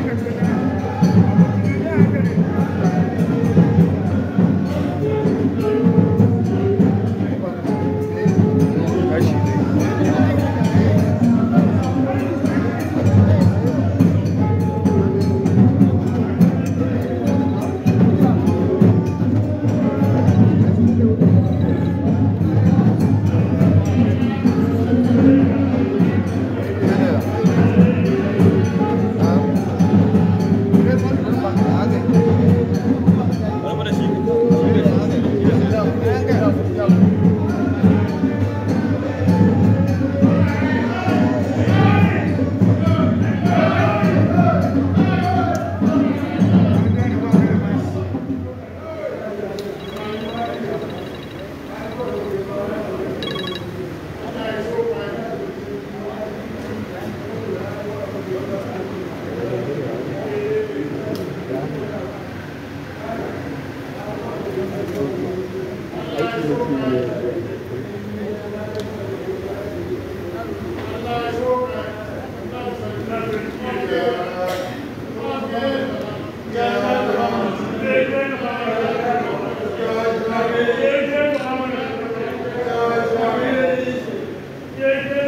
Thank you. Yeah, yeah.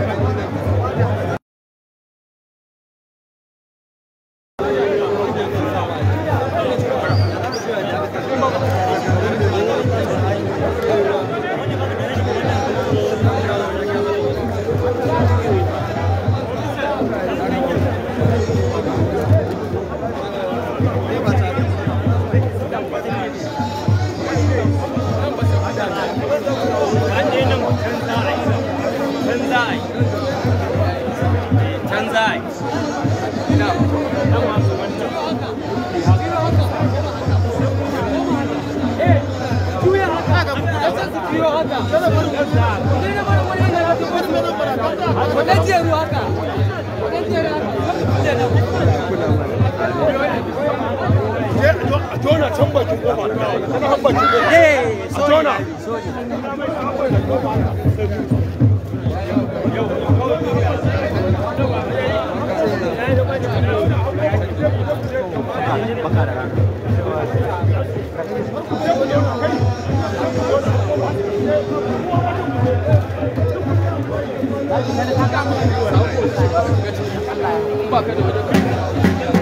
Jona can bakin kofa, can han bakin kofa. Jona. Allah ya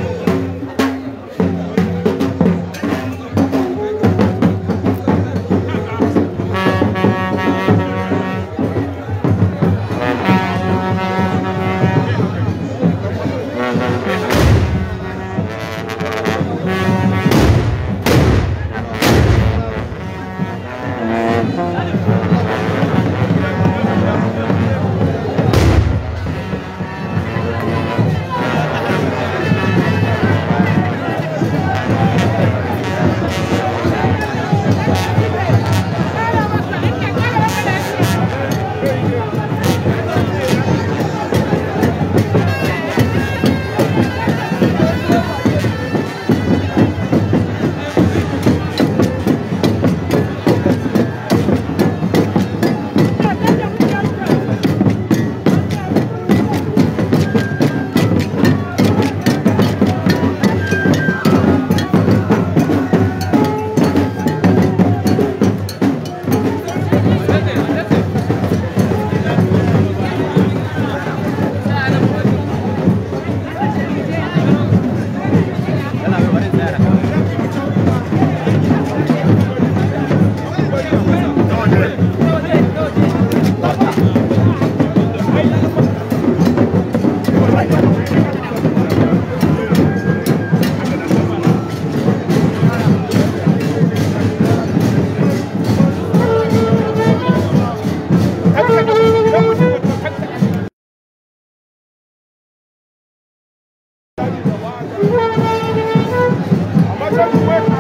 Let's